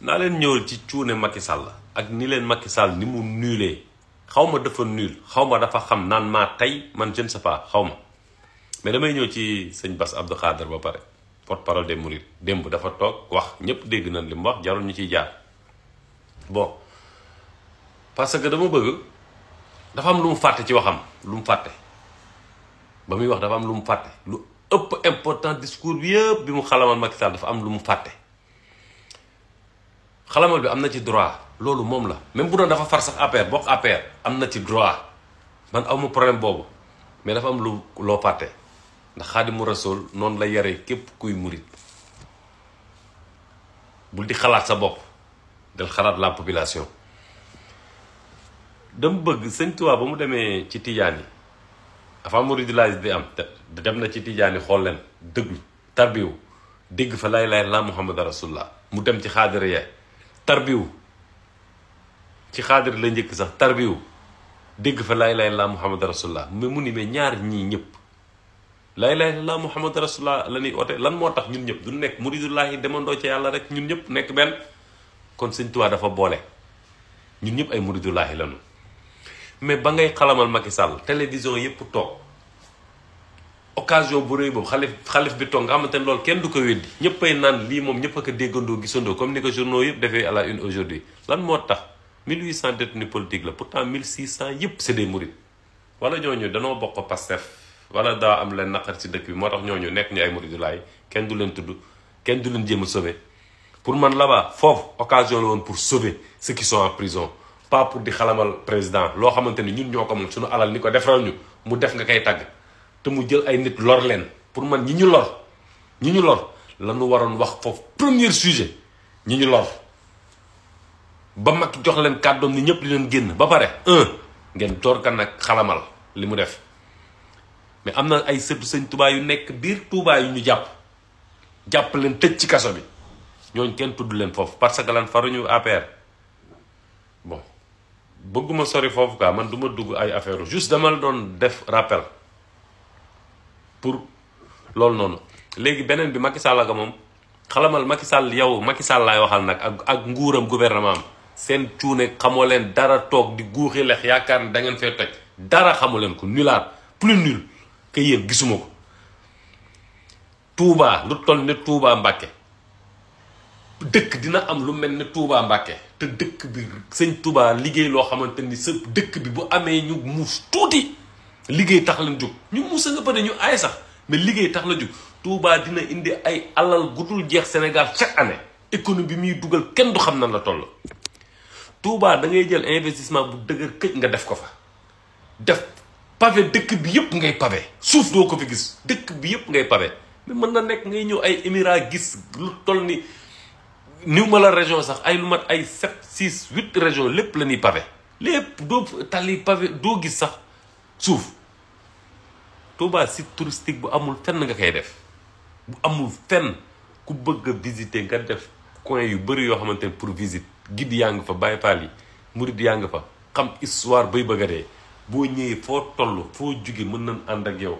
naa leen ñëwul ci cuune Macky Sall ak ni leen Macky Sall ni mu nuulee xaw ma dafa nuul xaw ma dafa xam naan maa tey man seen ne sais pas xaw ma mais damay ñëw ci sëñ Bass Abdou Khader ba pare porte-parole des Mourides démb dafa toog wax ñépp dégg nañ li mu wax jarul ñu ciy jaar bon parce que dama bëgg dafa am lu mu fàtte ci waxam lu mu fàtte ba muy wax dafa am lu mu fàtte lu ëpp important discours bi yëpp bi mu xalamal Macky Sall dafa am lu mu fàtte xalamal bi am na ci droit loolu moom la même bu doon dafa far sax APR bokk APR am na ci droit man amu problème boobu mais dafa am lu loo pàtte ndax xaadimu rasool noonu la yare képp kuy murit bul di xalaat sa bopp del xalaat la population dama bëgg sëñ Tuubaa ba mu demee ci tijaan yi avant muridulaay di am te dem na ci tijaan yi xool leen dëglu tarbiwu dégg fa lay lay la muhammad la mu dem ci xaadira yee tarbiwu ci xaadir la njëkk sax tarbiwu dégg fa laa ilaaha illallaah muhammad rasulullah mais mu ni mais ñaar ñii ñëpp laa ilaaha illallaah muhammad rasulullah la ñuy oote lan moo tax ñun ñëpp du nekk muridullaahi demandoo ci yàlla rek ñun ñëpp nekk benn kon sëñ dafa boole ñun ñëpp ay muridullaahi lañu mais ba ngay xalamal Macky Sall télévision yëpp toog occasion bu rëy boobu xalif xalif bi toog nga xamante ne loolu kenn du ko weddi ñeppay nan li mom ñëpp a ko déggandoo comme ni ko journaux yeb defé à la une aujourd'hui lan moo tax 1800 détenus politiques la pourtant 1600 yeb c'est des mourides wala ñooñu danoo bokk Pastef wala da am leen naqar ci dëkk bi moo tax ñooñu nekk ñu ay lay kenn du leen tuddu kenn du leen jëm sauver pour man là-bas foofu occasion la pour sauver ceux qui sont en prison pas pour di xalamal président lo xamante ñun ñoko ko suñu alal ni ko defaral ñu mu def nga kay tag te mu jël ay nit lor leen pour man ñi ñu lor ñi ñu lor la ñu waroon wax foofu premier sujet ñi ñu lor ba mag jox leen kàddoom ni ñëpp di leen génn ba pare un ngeen door kan nag xalamal li mu def mais am na ay sëtu sëñ Tuubaa yu nekk biir Tuubaa yu ñu jàpp jàpp leen tëj ci kaso bi kenn tudd leen foofu parce que lan faruñu APR bon bëgguma sori foofu quoi man du ma dugg ay affaire juste dama la doon def rappel pour loolu noonu léegi beneen bi Macky Sall ak moom xalamal Macky Sall yow Macky Sall laay waxal nag ak ak nguuram gouvernement am seen cuune xamoo leen dara toog di guuxi lex yaakaar ne dangeen ngeen fee toj dara xamu ko nulaat plus nul que yéen gisuma ko Touba lu toll ne Touba Mbàkke dëkk dina am lu mel ne Touba Mbàkke te dëkk bi sëñ Touba liggéey loo xamante ni sa dëkk bi bu amee ñu muus tuuti liggéey tax la jug ñu musa nga bëri ñu ay sax mais liggéey tax la jug Touba dina indi ay alal gudul jeex Sénégal chaque année économie bi muy dugal kenn du xam nan la toll Touba da ngay jël investissement bu dëgër këj nga def ko fa def pavé dëkk bi yëpp ngay pavé suuf doo ko fi gis dëkk bi yëpp ngay pabe mais mën na nekk ngay ñëw ay émirat gis lu toll ni niw ma la région sax ay lu mat ay sept six huit région lépp la ñuy pavé lépp doo tali pavé doo gis sax suuf Touba site touristique bu amul fenn nga koy def bu amul fenn ku bëgg a visiter nga def coin yu bari yoo xamante ne pour visite guide yaa ngi fa Baye Fall yi murid yaa ngi fa xam histoire bay bëgg a boo ñëwee foo toll foo jóge mën nañ ànd ak yow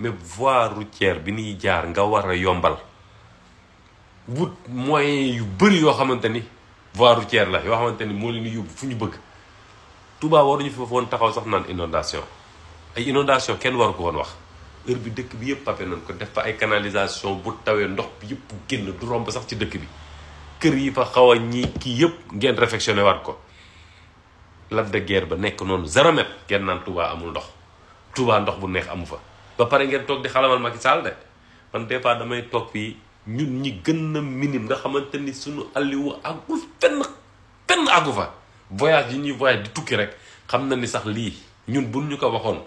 mais voie routière bi ñuy jaar nga war a yombal wut moyen yu bëri yoo xamante ni voie routière la yoo xamante ni moo leen di fu ñu bëgg Touba waruñu foofu woon taxaw sax naan inondation ay inondation kenn waru ko woon wax heure bi dëkk bi yëpp pape nañ ko def fa ay canalisation bu tawee ndox bi yëpp génn du romb sax ci dëkk bi kër yi fa xaw a ñi kii yëpp ngeen réfectionné waat ko ladde guerre ba nekk noonu zéro mètre ngeen naan Touba amul ndox Touba ndox bu neex amu fa ba pare ngeen toog di xalamal Macky Sall de man des fois damay toog fii ñun ñi gën a minime nga xamante ni suñu alliwu àggul fenn fenn àggu fa voyage yi ñuy voyage di tukki rek xam na ni sax lii ñun buñ ñu ko waxoon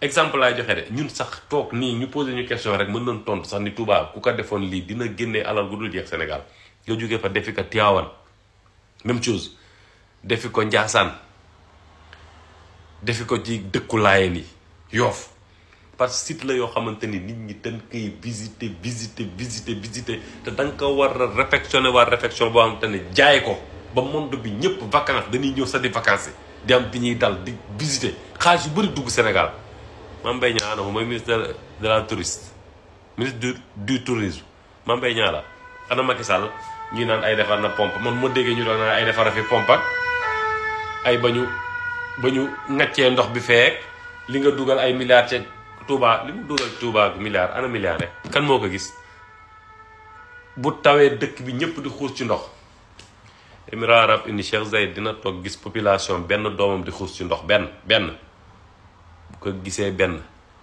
exemple laay joxe de ñun sax toog nii ñu posé ñu question rek mën nañ tontu sax ni Touba ku ko defoon lii dina génne alal gu dul jeex Sénégal nga jógee fa defi ko Tivaouane même chose defi ko Ndiassane defi ko ci dëkku Laayeen yi Yoff parce que site la yoo xamante ni nit ñi dañ koy visiter visiter visiter visiter te da ko war a réfectionner waa réfection boo xamante ne jaay ko ba monde bi ñëpp vacances dañuy ñëw sax di vacances di am bi ñuy dal di visiter xaalis yu bëri dugg Sénégal. Mame Mbaye Niang ana mooy ministre de la touriste ministre du du tourisme Mame Mbaye la ana Macky Sall ñuy naan ay defar na pompe man ma déggee ñu doon ay defar fi pompe ak ay ba ñu ba ñu ŋàccee ndox bi feek li nga dugal ay milliards ca Touba li mu dugal Touba ak milliards ana milliards kan moo ko gis bu tawee dëkk bi ñëpp di xuus ci ndox Émirats arabes unis Cheikh dina toog gis population benn doomam di xuus ci ndox benn benn bu ko gisee benn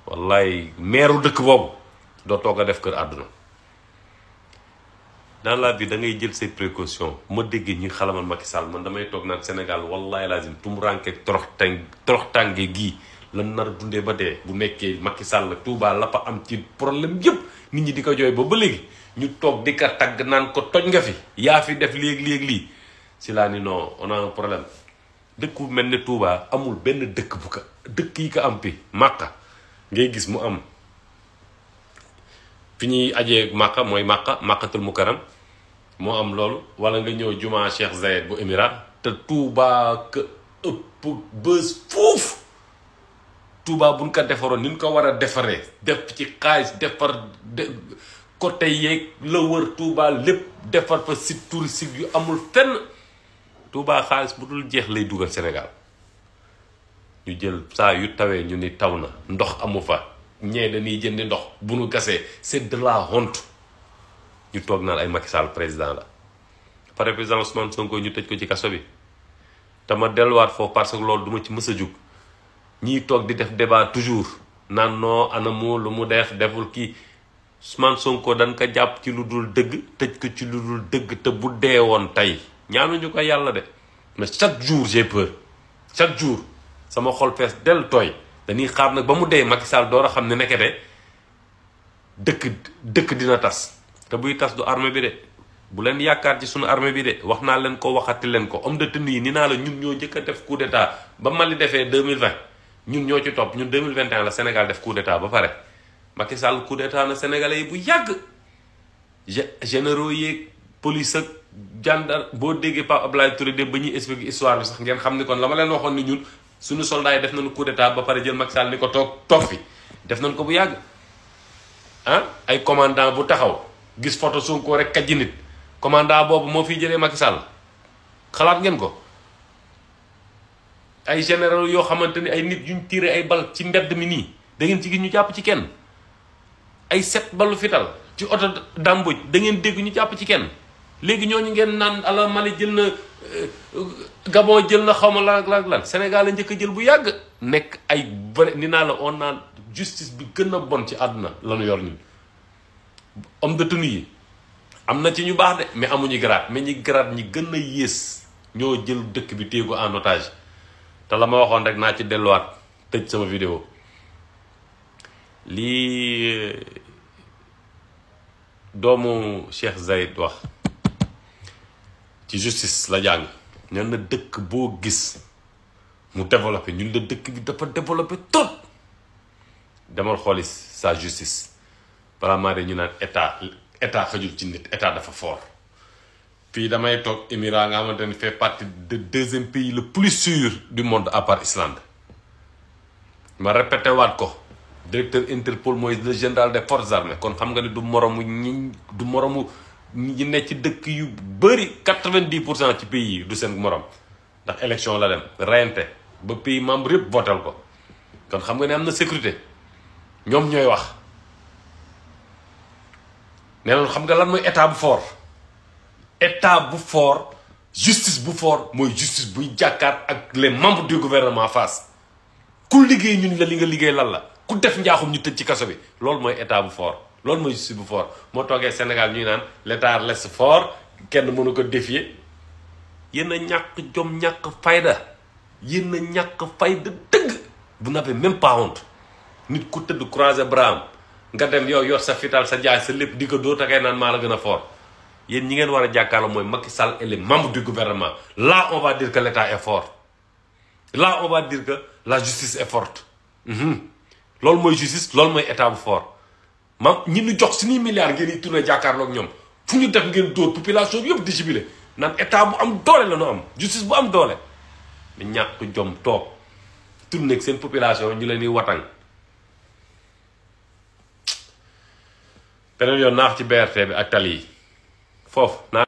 wallaay meeru dëkk boobu doo toog def kër àdduna dans la vie da ngay jël ses précautions ma déggee ñi xalamal Macky Sall man damay toog naan Sénégal wallaay lazim ranké torox tàng torox tànge gii la nar dundee ba dee bu nekkee Macky Sall Touba la fa am ci problème yépp nit ñi di ko jooy ba ba léegi ñu toog di ka tagg naan ko toj nga fi yaa fi def léeg-léeg lii si laa ni non on a un problème dëkk bu mel ne Touba amul benn dëkk bu ko dëkk yi ko am fi màqa ngay gis mu am fi ñuy ajee màqa mooy màqa màqatul mukaram moo am loolu wala nga ñëw juma Cheikh Zayed bu émirat te Touba ke ëpp bës foofu Touba buñ ko defaroon ni ko war a defaree def ci xaalis defar côté yeeg la wër Touba lépp defar fa site touristique yu amul fenn Touba xaalis bu dul jeex lay dugal Sénégal ñu jël saa yu tawee ñu ni taw na ndox amu fa ñee dañuy jëndi ndox bu nu gasee sedd la honte ñu toog naan ay Macky Sall président la par exemple Ousmane Sonko ñu tëj ko ci kaso bi te ma delluwaat foofu parce que loolu duma ci mës a jug ñiy toog di def débat toujours naan noo anamu lu mu deex deful kii Ousmane Sonko dañ ko jàpp ci lu dul dëgg tëj ko ci lu dul dëgg te bu dee woon tey ñaanuñu ko yàlla de mais chaque jour j'ai peur chaque jour sama xol fees del tooy dañuy xaar nag ba mu dee Macky Sall door xam ne nekke de dëkk dëkk dina tas te buy tas du armée bi de bu leen yaakaar ci sunu armée bi de wax naa leen ko waxati leen ko homme de tenue yi ni naa la ñun ñoo njëkk a def coup d'état ba Mali defee 2020 ñun ñoo ci topp ñun 2021 la Sénégal def coup d'état ba pare Macky Sall coup d'état na sénégalais bu yàgg généraux yeeg police ak jàndar boo déggee par Abdoulaye Touré de ba ñuy expliquer histoire bi sax ngeen xam ni kon la ma leen waxoon ni ñun suñu soldat yi def nañu coup d'état ba pare jël Macky Sall ni ko tok fi def nañ ko bu yag ah ay commandant bu taxaw gis photo Sonko rek kajji nit commandant bobu mo fi jëlé Macky Sall xalaat ngeen ko ay général yo xamanteni ay nit yuñ tiré ay bal ci mbedd mi ni da ngeen ci gis ñu ci kenn ay set balu fital ci auto dambuj da ngeen dégg ñu japp ci kenn ñoo ñu ngeen naan ala mali jël na Euh, Gabon jël na xaw ma lan ak lan ak Sénégal la njëkk a jël bu yàgg. nekk ay bëri ni naa la on a justice bi gën a bon ci àdduna la ñu yor ñun homme yi am na ci ñu baax de mais amuñu grade mais ñi grade ñi gën a yées ñoo jël dëkk bi téye en otage te la ma waxoon rek naa ci delluwaat tëj sama vidéo lii euh, doomu Cheikh Zayed wax. ci justice la jàng ñun la dëkk boo gis mu développé ñun la dëkk bi dafa développé trop demal xooli sa justice Par maa de ñu naan état état xajul ci nit état dafa fort fii damay toog Émirats nga xamante ne fait partie de deuxième pays le plus sûr du monde à part Islande ma répété waat ko directeur Interpol mooy le général des forces armées kon xam nga ne du moromu ñi du moromu ñi ne ci dëkk yu bëri 90% ci pays yi du seen morom ndax élection la dem reyante ba pays membre yëpp votal ko kon xam nga ne am na sécurité ñoom ñooy wax nee loolu xam nga lan mooy état bu fort état bu fort justice bu fort mooy justice buy jàkkaar ak les membres du gouvernement face ku liggéey ñun la li nga liggéey lan la ku def njaaxum ñu tëj ci kaso bi loolu mooy état bu fort loolu mooy justice bu fort moo toogee Sénégal ñuy naan l'état reste fort kenn mënu ko défier yéen a ñàkk jom ñàkk fayda yéen a ñàkk fayda dëgg vous n'avez même pas honte nit ku tëdd croiser bras nga dem yow yor sa fital sa jaay sa lépp di ko dóor takay naan maa la gën a fort yéen ñi ngeen war a jàkkaarloo mooy Macky Sall et les membres du gouvernement là on va dire que l'état est la là on va dire la justice est forte mhm. loolu mooy justice loolu mooy état bu fort ma ñi ñu jox suñuy milliards ngeen di tourné jàkkaarloog ñoom fu ñu def ngeen dóor population bi yëpp di jubilé naan état bu am doole la ñu am justice bu am doole. ñu ñàkk jom toog tourné seen population ñu leen di watan beneen yoon naax ci BRT bi ak tali foofu